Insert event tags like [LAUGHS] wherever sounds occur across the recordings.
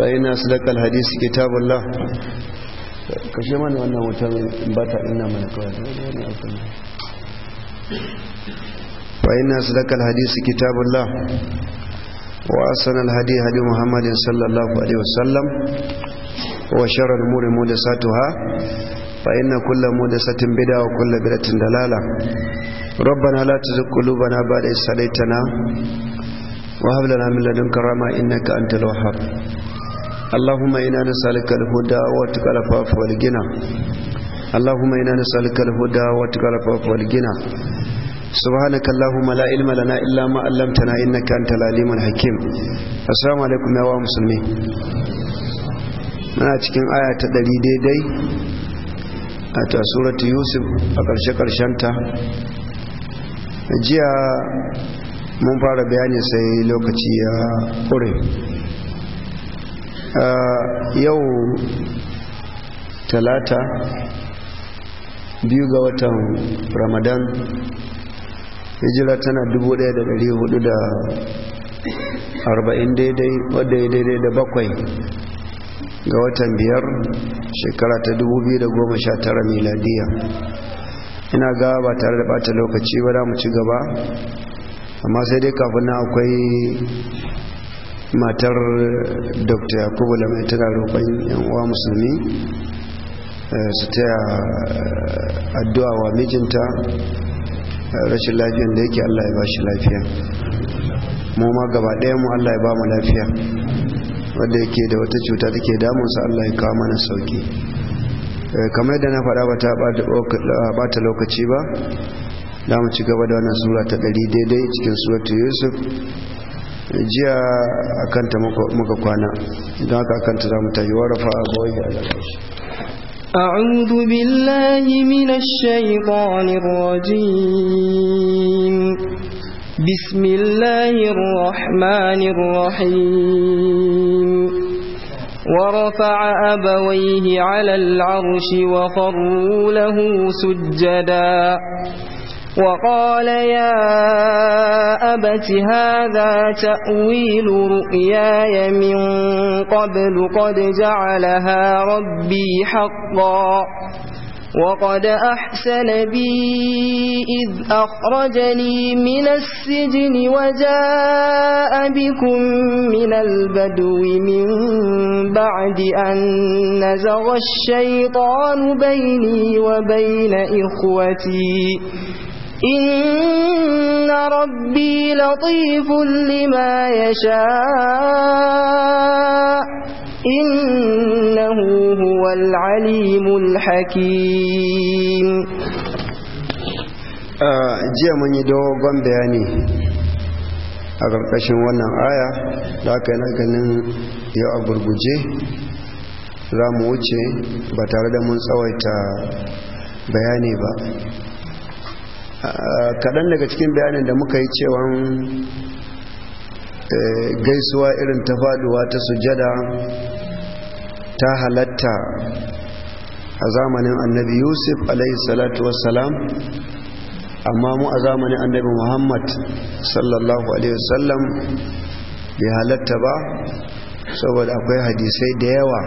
fa’ina su daƙal hadisi kitabun la ka shi mana wannan mutum bata ina mana hadi muhammadin sallallahu alaihi wa sharar muri mu da satu ha fa’ina kullum mu da satin bida wa kullum biratun dalala rabbana lati zukulu bana ba da isa laitana wa hablana min ladunka rama innaka antal wahhab اللهم إنا نسألك الهدى واتقى العفاف والغنى اللهم إنا نسألك الهدى واتقى العفاف والغنى سبحانك اللهم لا علم لنا إلا ما علمتنا إنك أنت العليم الحكيم السلام عليكم يا مسلمين muna cikin aya ta ɗari daidai a ta suratu yusuf a ƙarshe-ƙarshenta jiya mun fara bayani sai lokaci ya ƙure yau talata biyu ga watan ramadan hijira tana 1440 daidai wadda ya daidai da bakwai ga watan biyar shekara ta goma sha tara miladiya ina ga ba tare da bata lokaci ba da mu ci gaba amma sai dai kafin na akwai matar dr yakubu lamai tana roƙon uwa musulmi eh, su taya eh, addu'a wa mijinta eh, rashin lafiyan da yake allah ya ba shi lafiya mu ma gaba ɗaya mu allah ya ba mu lafiya wadda yake da wata cuta take damunsa allah ya kawo mana sauki kamar da na faɗa bata ɓata lokaci ba za mu ci gaba da wannan sura ta ɗari daidai cikin suratu yusuf jiya a kanta muka kwana don haka a kanta za mu tafi warafa a bawai a lalashi أعوذ بالله من الشيطان الرجيم بسم الله الرحمن الرحيم ورفع أبويه على العرش وخروا له سجداً وقال يا أبت هذا تأويل رؤياي من قبل قد جعلها ربي حقا وقد أحسن بي إذ أخرجني من السجن وجاء بكم من البدو من بعد أن نزغ الشيطان بيني وبين إخوتي إن ربي لطيف لما يشاء إنه هو العليم الحكيم jiya mun yi dogon bayani a ƙarƙashin wannan aya da aka na ganin yau a gurguje za mu wuce ba tare da mun tsawaita bayani ba Eh, kaɗan daga cikin bayanin da muka yi cewan eh, gaisuwa irin ta faɗuwa ta sujada ta halatta a zamanin annabi yusuf salatu wasalam amma mu a zamanin annabi muhammad sallallahu alaihi wasallam bai halatta ba saboda akwai hadisai da yawa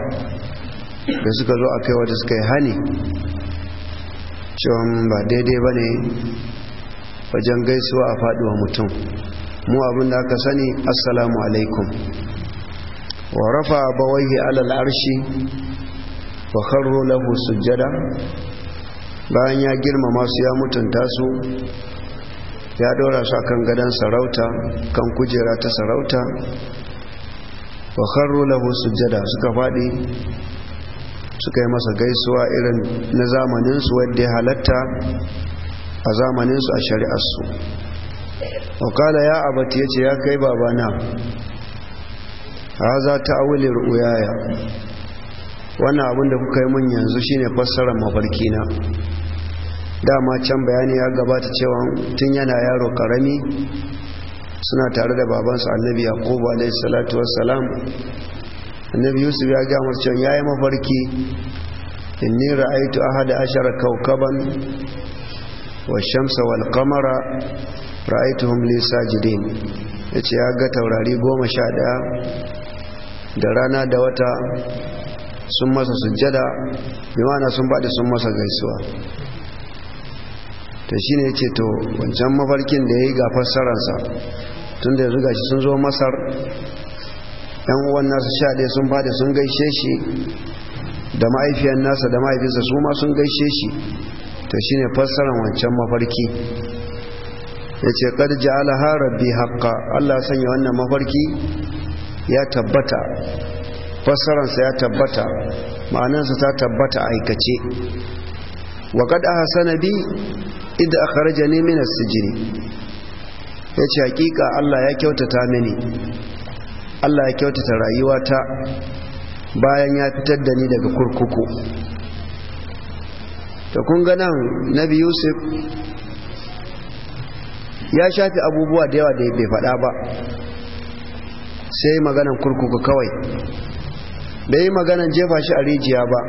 da suka zo a kai wata suka yi hani cewa ba daidai ba ne wajen gaisuwa a faɗuwa mutum mu abin da aka sani assalamu alaikum wa rafa bawaihi alal arshi wa kharru lahu sujjada bayan ya girmama su ya mutunta su ya dora su akan gadon sarauta kan kujera ta sarauta wa kharru lahu sujjada suka faɗi suka yi masa gaisuwa irin na zamaninsu wadda ya halatta a zamaninsu a shari'arsu wakala ya abati ya ce ya kai babana haza ta awuli ru'uyaya wannan abin da kuka yi mun yanzu shine fassarar mafarkina dama can bayani ya gabata cewa tun yana yaro karami suna tare da babansu annabi yaqubu alayhi salatu wassalam annabi yusuf ya ga masa ya yi mafarki inni raaitu ahada ashara kaukaban wa shamsa wal qamara ra'aitu li sajidin yace ya ga taurari goma sha daya da rana da wata sun masa sujjada bi ma'ana sun bada sun masa gaisuwa to ne yace to wancan mafarkin da ya yi ga fassararsa da ya zuga shi sun zo masar yan uwan nasa sha ɗaya sun fada sun gaishe shi da ma'aifiyar nasa da ma'aifinsa su ma sun gaishe shi shi shine fassarar wancan mafarki ya ce ƙarji alaha rabbi haƙƙa allah sanya wannan mafarki ya tabbata fassararsa ya tabbata ma'anansa ta tabbata aikace wa kaɗa aha sanadi idan aka raja ne su jini? ya ce haƙiƙa allah ya kyautata mini Allah ya kyautata rayuwata bayan ya fitar da ni daga kurkuku ta kunga nan nabi yusuf ya shafi abubuwa da yawa da bai faɗa ba sai maganan kurkuku kawai bai maganan jefa shi a rijiya ba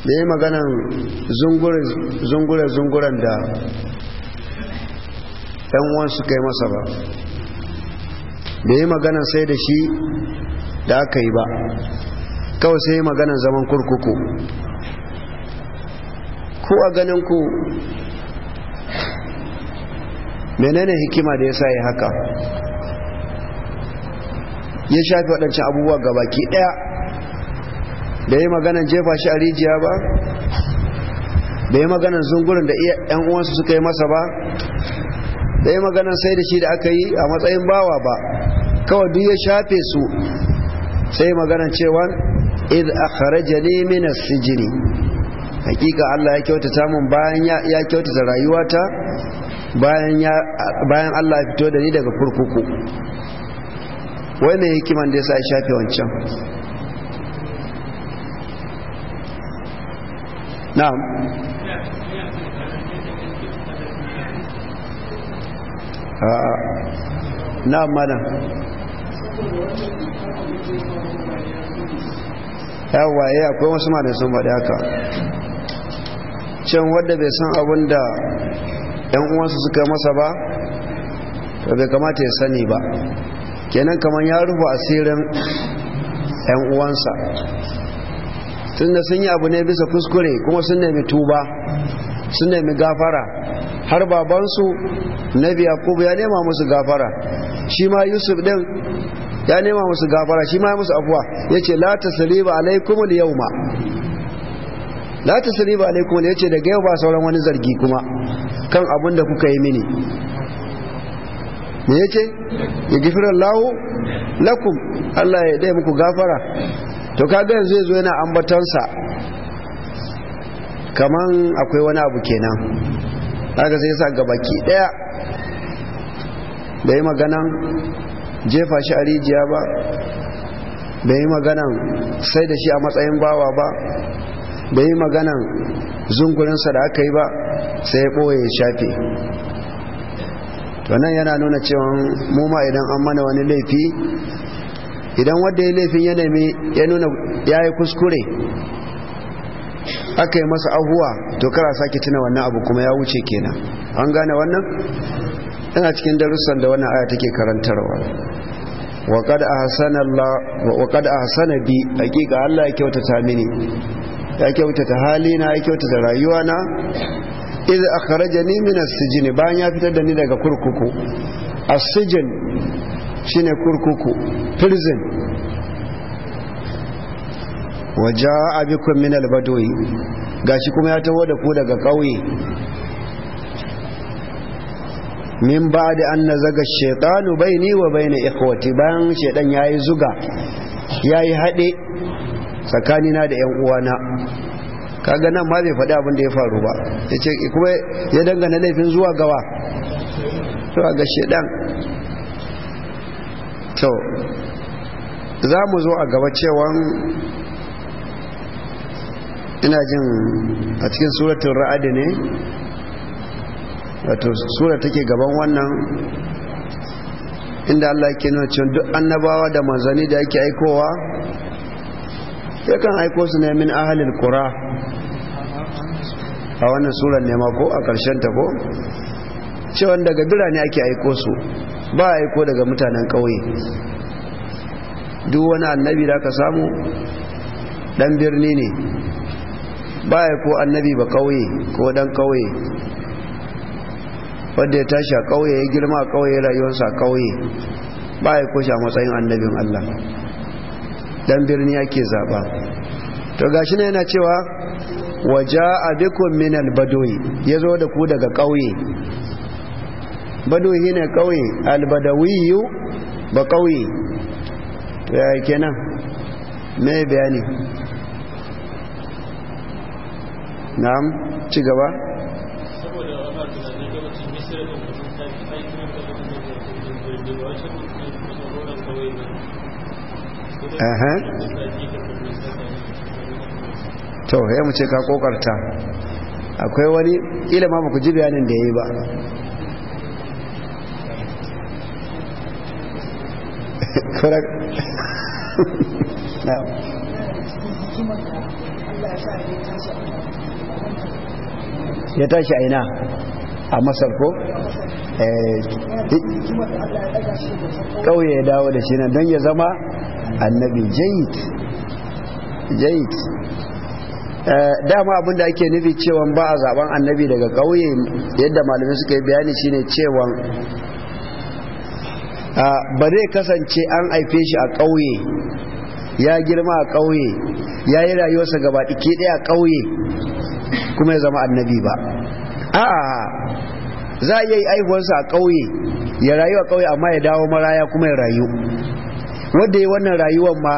da yi maganan zungure-zunguren da ɗan wansu yi masa ba da yi magana sai da shi da aka yi ba kawai sai yi magana zaman kurkuku ku a ganin ku menene hikima da ya sa ya haka ya shafi waɗancan abubuwa ga baki ɗaya da ya magana jefa shi a rijiya ba da ya magana zungurin da ‘yan uwansu suka yi masa ba da ya magana sai da shi da aka yi a matsayin bawa ba kawai duk ya shafe su sai magana cewa id akhrajani min as-sijni hakika Allah ya kyautata mun bayan ya kyautata rayuwata bayan Allah ya fito da ni daga kurkuku wai ne hikiman da yasa ya shafe wancan na'am na'am mana yawa ya eh, akwai wasu ma da sun faɗi haka can wadda bai san abin da 'yan uwansu suka masa ba to bai kamata ya sani ba kenan kamar ya rufe asirin 'yan uwansa tun da sun yi abu ne bisa kuskure kuma sun nemi tuba sun nemi gafara har babansu biya ko ya nema musu gafara shi ma yusuf din ya nema musu gafara shi ma ya musu afuwa ya ce la ta saliba yau ma. la ta saliba alaikum ya ce daga yau ba sauran wani zargi kuma kan abin da kuka yi mini me ya ce ya gifirar lawo lakum Allah ya dai muku gafara to kaga yanzu ya zo yana ambatansa kaman akwai wani abu kenan haka sai ya sa gabaki daya yi maganan jefa shi a rijiya ba bai yi maganan sai da shi a matsayin bawa ba bai yi maganan zungurinsa da aka yi ba sai ya ɓoye ya shafe wannan yana nuna cewa mu ma idan an mana wani laifi idan wadda ya laifin ya nemi ya nuna ya yi kuskure aka yi masa ahuwa to kara sake tuna wannan abu kuma ya wuce kenan an gane wannan ina cikin darussan da wannan aya take karantarwa wa qad ahsana Allah wa qad ahsana bi hakika Allah ya kyautata mini ya kyautata halina ya kyautata rayuwana idh akhrajani min as-sijn bayan ya fitar da ni daga kurkuku as-sijn shine kurkuku prison waja bikum min al badwi gashi kuma ya taho da ku daga kauye min da an na zaga shaiɗanu bai ni wa bai na ikhwati bayan ya yi zuga ya yayi haɗe tsakanina da yan uwana kaga nan ma bai faɗi abin da ya faru ba ce kuma ya dangana laifin zuwa gawa zuwa ga shaydan to za mu zo a gaba cewan ina jin a cikin suratun ra'adi ne wato sura take gaban wannan inda Allah ke nuna cewa duk annabawa da manzanni da yake aikowa yakan aiko su ne min ahalil kura a wannan sura ne ko a karshen ta ko cewa daga birane ake aiko su ba a aiko daga mutanen ƙauye duk wani annabi da aka samu dan birni ne ba a aiko annabi ba ƙauye ko dan ƙauye wanda ya tashi a ƙauye ya girma a ƙauye rayuwarsa a ƙauye ba ya kushe matsayin annabin Allah dan birni yake zaɓa to gashi na yana cewa waja abikun min albadoyi ya zo da ku daga ƙauye badoyi ne ƙauye albadawiyu ba ƙauye ya kenan mai bayani na'am ci gaba lokacin misira to ya mu ce ka kokarta akwai wani ilima ba ku ji bayanin da ya yi ba [LAUGHS] [LAUGHS] ya tashi aina a masar ko ƙauye eh, ya dawo da shi nan don ya zama annabi jayit jayit eh, dama abinda ake nufi cewa ba a zaben annabi daga ƙauye yadda malamai suka yi bayani shine cewa ba zai kasance an haife shi a ƙauye ya girma a ƙauye ya yi rayuwarsa gaba ɗaya a ƙauye kuma ya zama annabi ba a'a za a yi aihuwarsa a ƙauye ya rayu a ƙauye amma ya dawo maraya kuma ya rayu wanda ya wannan rayuwar ma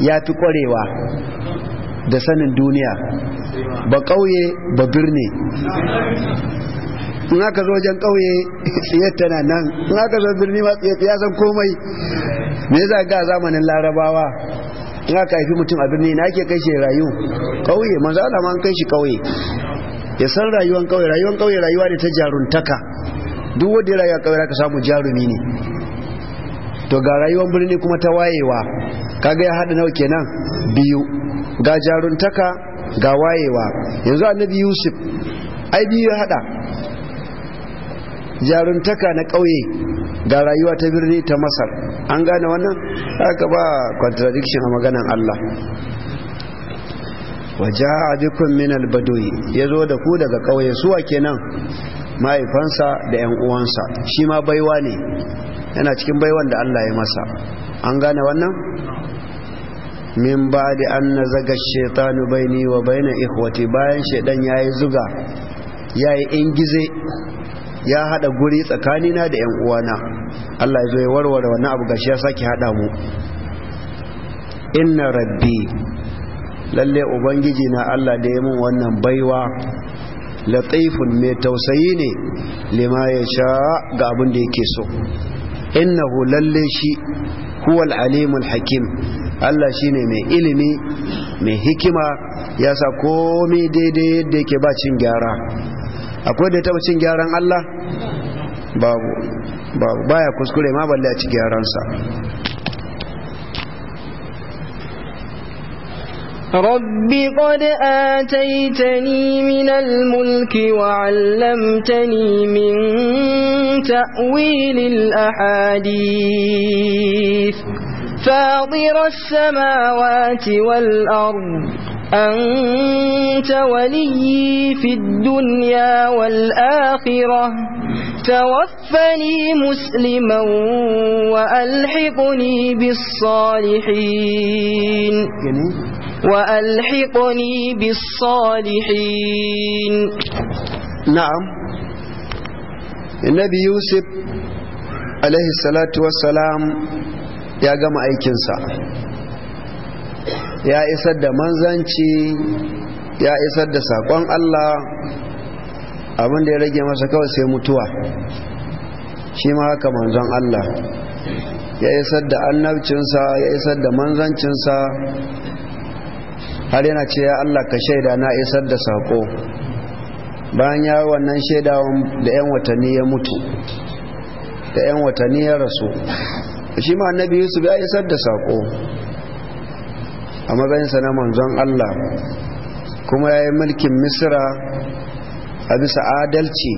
ya fi ƙwarewa da sanin duniya ba ƙauye ba birni in aka zo wajen ƙauye tsiyar tana nan in aka zo birni ma tsiyar ya san komai me za ga zamanin larabawa in aka haifi mutum a birni na ake kai shi rayu ƙauye manzo Allah man kai shi ƙauye ya san rayuwan kauye rayuwan kauye rayuwa ne ta jaruntaka duk wanda ya rayuwa kauye ka samu jarumi ne to ga rayuwar birni kuma ta wayewa kaga ya hada nawa kenan biyu ga jaruntaka ga wayewa yanzu annabi yusuf ai biyu ya hada jaruntaka na kauye ga rayuwa ta birni ta masar an gane wannan haka ba contradiction a maganan allah waja'a bikum min ya yazo da ku daga kauye suwa kenan mahaifansa da yan uwansa shi ma baiwa ne yana cikin baiwan da Allah ya masa an gane wannan min ba'di an nazaga shaytanu baini wa baina ikhwati bayan shaydan yayi zuga yayi ingize ya hada guri tsakanina da yan uwana Allah ya zo ya warware wannan abu gashi ya saki hada mu inna rabbi lalle ubangiji na Allah da ya mun wannan baiwa latifun mai tausayi ne lima ya sha ga abin da yake so innahu lalle shi huwal alimul hakim Allah shine mai ilimi mai hikima ya sa komai daidai yadda yake ba cin gyara akwai da taba cin gyaran Allah babu babu baya kuskure ma balle a ci gyaransa رب قد آتيتني من الملك وعلمتني من تأويل الأحاديث فاضر السماوات والأرض أنت ولي في الدنيا والآخرة توفني مسلما وألحقني بالصالحين يعني وألحقني بالصالحين نعم النبي يوسف عليه الصلاة والسلام يا جماعة أيكنسا ya isar da manzanci ya isar da sakon Allah abin da ya rage masa kawai sai mutuwa shi ma haka manzon Allah ya isar da annabcinsa ya isar da manzancinsa har yana ce ya Allah ka shaida na isar da sako bayan ya wannan shaidawan da 'yan watanni ya mutu da 'yan watanni ya rasu shi ma annabi yusuf ya isar da sako a matsayinsa na manzon Allah kuma ya yi mulkin misira a bisa adalci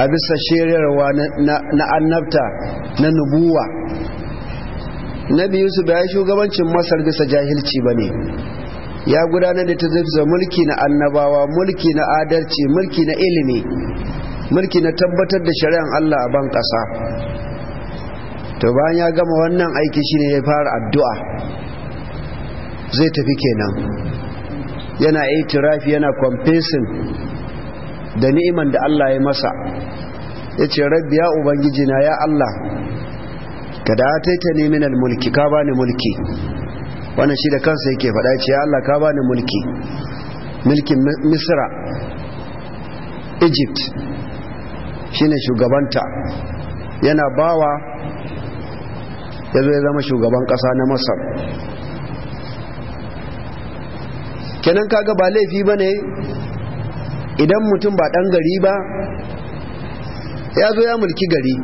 a bisa shiryarwa na annabta na nubuwa nabi yusuf ya yi shugabancin masar bisa jahilci ba ne ya gudanar da ta tazarza mulki na annabawa mulki na adalci mulki na ilimi mulki na tabbatar da shari'an allah a ban kasa to bayan ya gama wannan aiki shine ya fara addu'a zai tafi kenan yana itirafi yana confessing da ni'iman da allah ya masa ya ce rabbi ya ubangiji na ya allah kada ataita ne minal mulki ka bani mulki wannan shi da kansa yake faɗa ce ya Allah ka bani mulki mulkin misra egypt shine shugabanta yana bawa yanzu ya zama shugaban ƙasa na masar kenan kaga ba laifi ba ne idan mutum ba ɗan gari ba ya zo ya mulki gari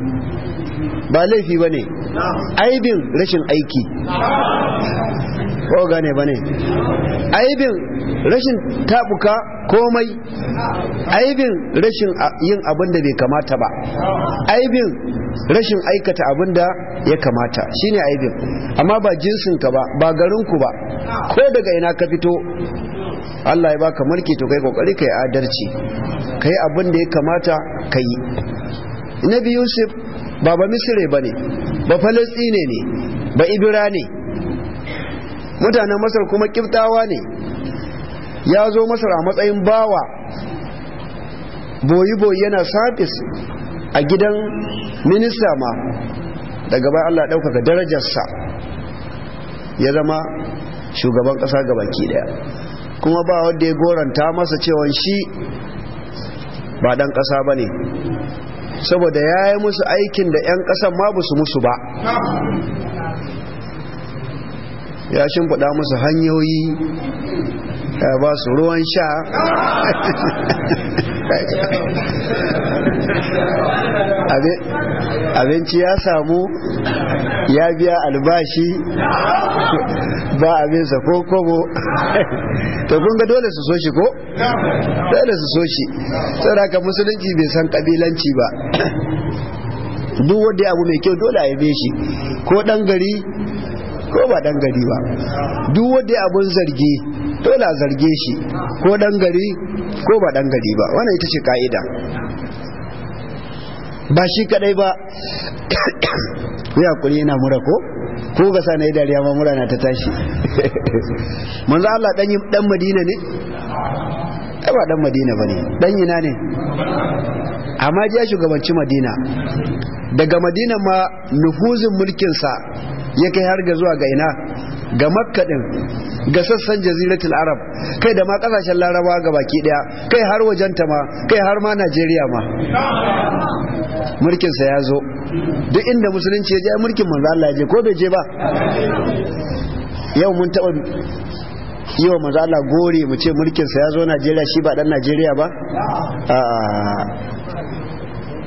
ba laifi ba ne aibin rashin aiki ko gane ne aibin rashin tabuka komai aibin rashin yin abin da bai kamata ba aibin rashin aikata abin da ya kamata shine aibin amma ba jinsin ka ba ba garinku ba ko daga ina ka fito Allah ya baka mulki to kai kokari kai adalci kai abin da ya kamata kai Nabi Yusuf baba Misre bane ba falastine ne ba ibira ne mutanen masar kuma kiftawa ne ya zo masar a matsayin bawa boyi-boyi yana sabis a gidan minista ma daga bayan allah ɗaukaka darajarsa ya zama shugaban ƙasa gabaki daya kuma ba wanda ya goranta masa cewa shi ba ɗan ƙasa ba ne saboda ya yi musu aikin da 'yan kasan ma ba musu ba ya shimfiɗa musu hanyoyi ya ba su ruwan sha [LAUGHS] abinci ya samu ya biya albashi ba abin sa ko kobo [LAUGHS] to kun ga dole su so shi ko dole su so shi saboda musulunci bai san kabilanci ba [CLEARS THROAT] duk wanda abu mai kyau dole a yabe shi ko dan gari ko ba dan gari ba duk wanda abun zargi dole a zarge shi ko dan gari ko ba dan gari ba wannan ita ce ka'ida ba shi kadai ba ya kuri yana mura ko ko ga sa na yi dariya ma mura na ta tashi [LAUGHS] manzo Allah dan dan Madina ne ai ba dan Madina bane dan yana ne amma ya shugabanci Madina daga Madina ma nufuzin mulkin sa ya kai har ga zuwa ga ina ga makka din ga sassan jaziratul arab kai da ma kasashen larabawa ga baki daya kai har wajenta ma kai har ma najeriya ma mulkin sa ya zo duk inda musulunci ya je mulkin manzo Allah ya je ko bai je ba yau mun taba yi wa manzo Allah gore mu ce mulkin sa ya zo Najeriya shi ba dan Najeriya ba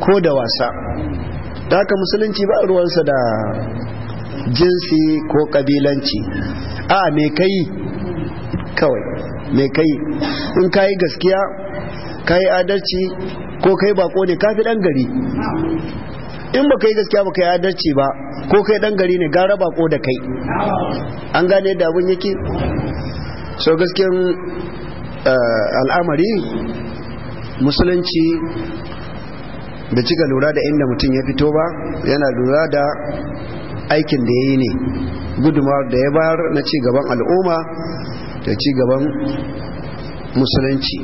ko da wasa da haka musulunci ba ruwansa da jinsi ko kabilanci a me kai kawai me kai in kayi gaskiya kayi adalci ko kai bako ne kafi dan gari in baka yi gaskiya baka kai adalci ba ko kai dan gari ne gara bako da kai an gane da abun yake so gaskiyan eh, al'amari musulunci da cika lura da inda mutum ya fito ba yana lura da aikin da ya yi ne gudumar da ya bayar na cigaban al'umma da cigaban musulunci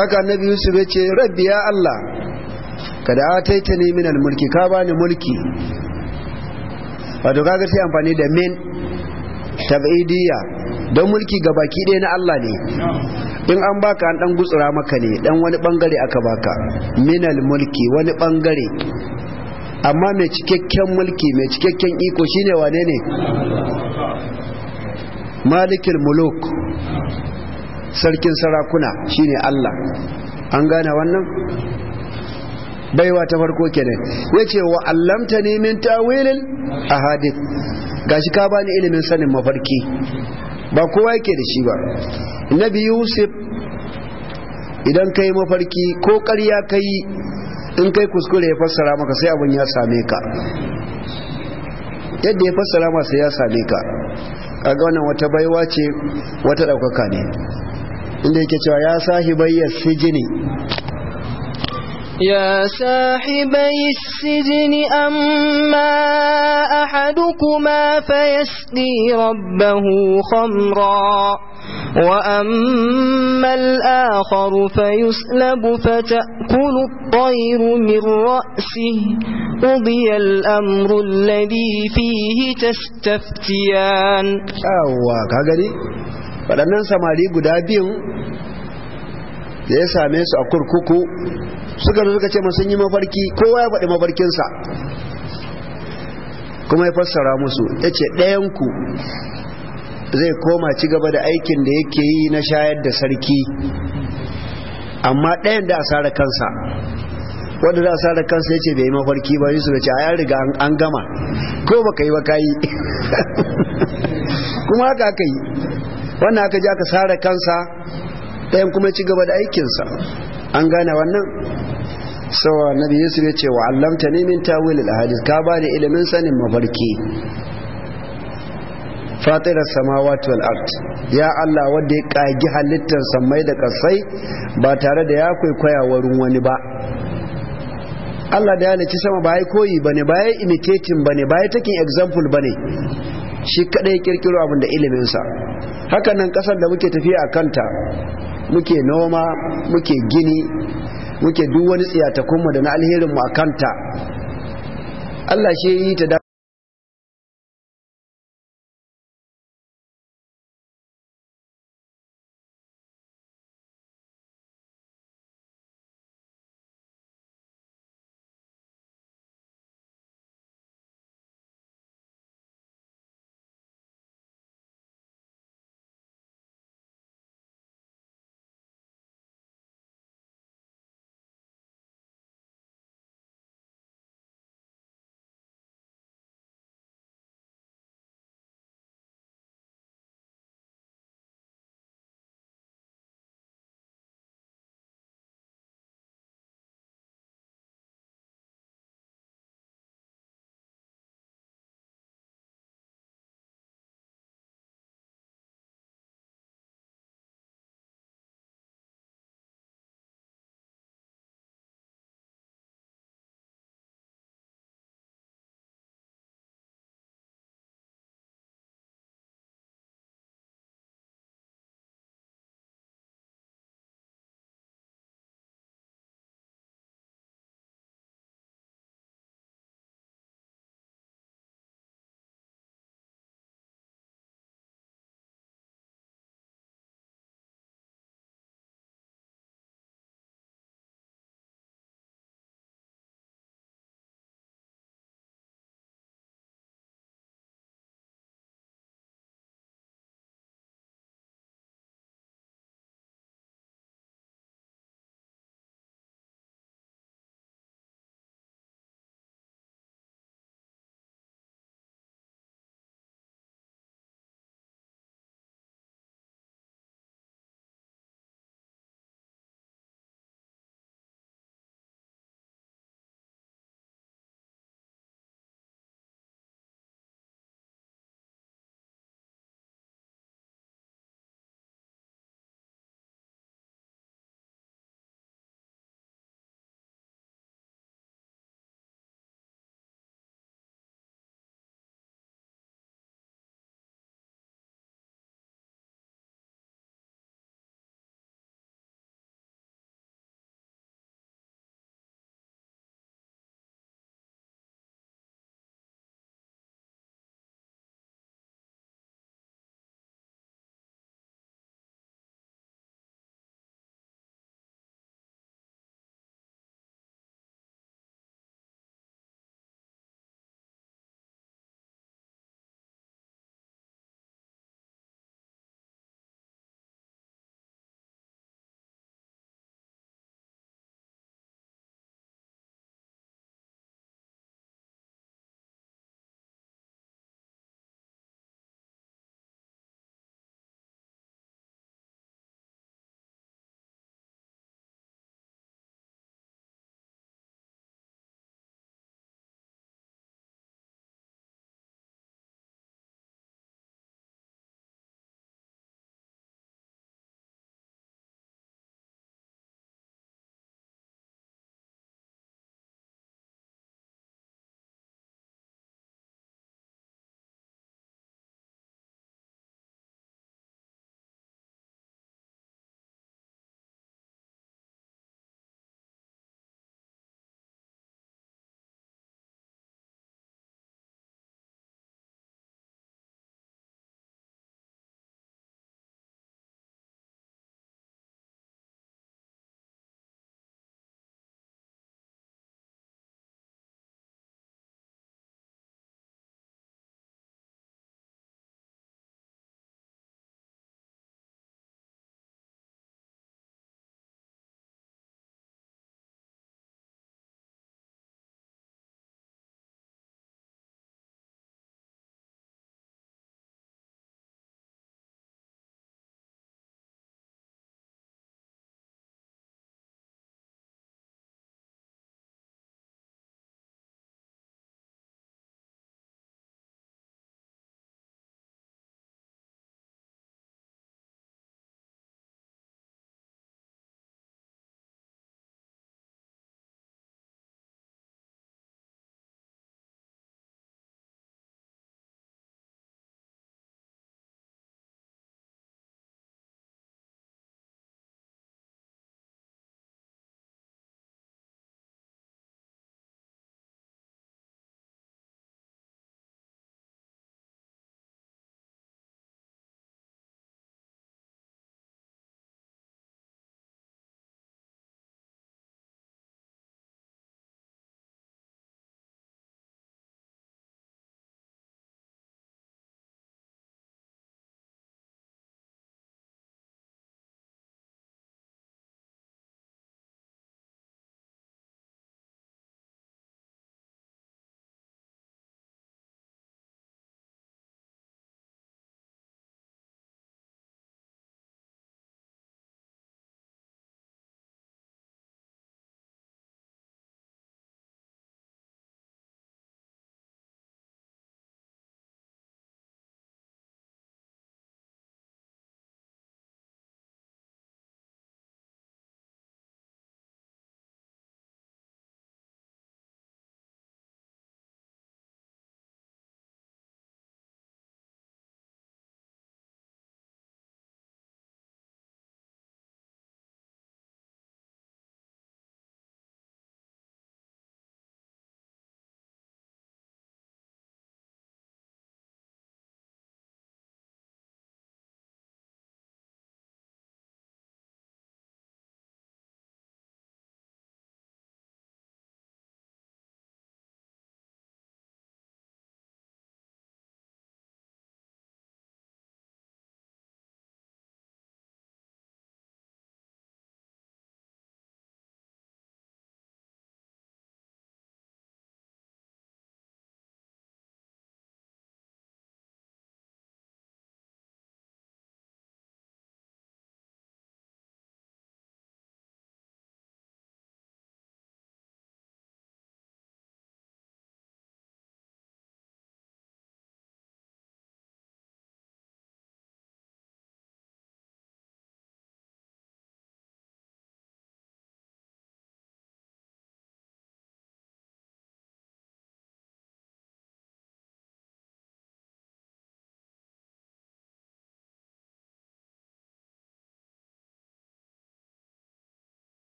haka annabi yusuf ya ce rabbi ya allah kada ataita ni min mulki ka bani mulki wato kaga sai amfani da min tab'idiyya don mulki ga baki ɗaya na Allah ne in an baka an dan gutsura maka ne dan wani bangare aka baka minal mulki wani bangare amma mai cikakken mulki mai cikakken iko shine wane ne malikil muluk sarkin sarakuna shine Allah an gane wannan baiwa ta farko kenan yace wa allamta ni min tawilil ahadith gashi ka bani ilimin sanin mafarki ba kowa yake da shi ba nabi yusuf idan kai mafarki ko ƙarya kai in kai kuskure ya fassara maka sai abin ya same ka yadda ya fassara masa ya same ka ga wannan wata baiwa ce wata ɗaukaka ne inda yake cewa ya sahibai sijini يا صاحبي السجن أما أحدكما فيسقي ربه خمرا وأما الآخر فيسلب فتأكل الطير من رأسه قضي الأمر الذي فيه تستفتيان أوه كاغري waɗannan samari guda biyun da ya same su a kurkuku suka zo suka ce sun yi mafarki kowa ya faɗi mafarkinsa kuma ya fassara musu ya ce ɗayanku zai koma ci gaba da aikin da yake yi na shayar da sarki amma ɗayan da a sare kansa wanda za a sa da kansa ya ce bai mafarki ba yusuf ya ce a yan riga an gama ko baka yi ba ka yi [LAUGHS] kuma haka aka yi wannan aka ji aka sare kansa ɗayan kuma ci gaba da aikinsa an gane wannan sawa nabi yusuf ya ce wa allamta ne min tawil al-hadis ka ba ni ilimin sanin mafarki fatirar samawati wal art ya Allah wadda ya kagi halittar samai da kasai ba tare da ya kwaikwaya wurin wani ba Allah da ya halicci sama ba ya koyi bane ba ya ba ne ba ya taking example bane shi ya kirkiro abin da iliminsa haka nan kasar da muke tafiya a kanta muke noma muke gini muke duk wani tsiyatakunmu da na alherinmu a kanta Allah shi yi ta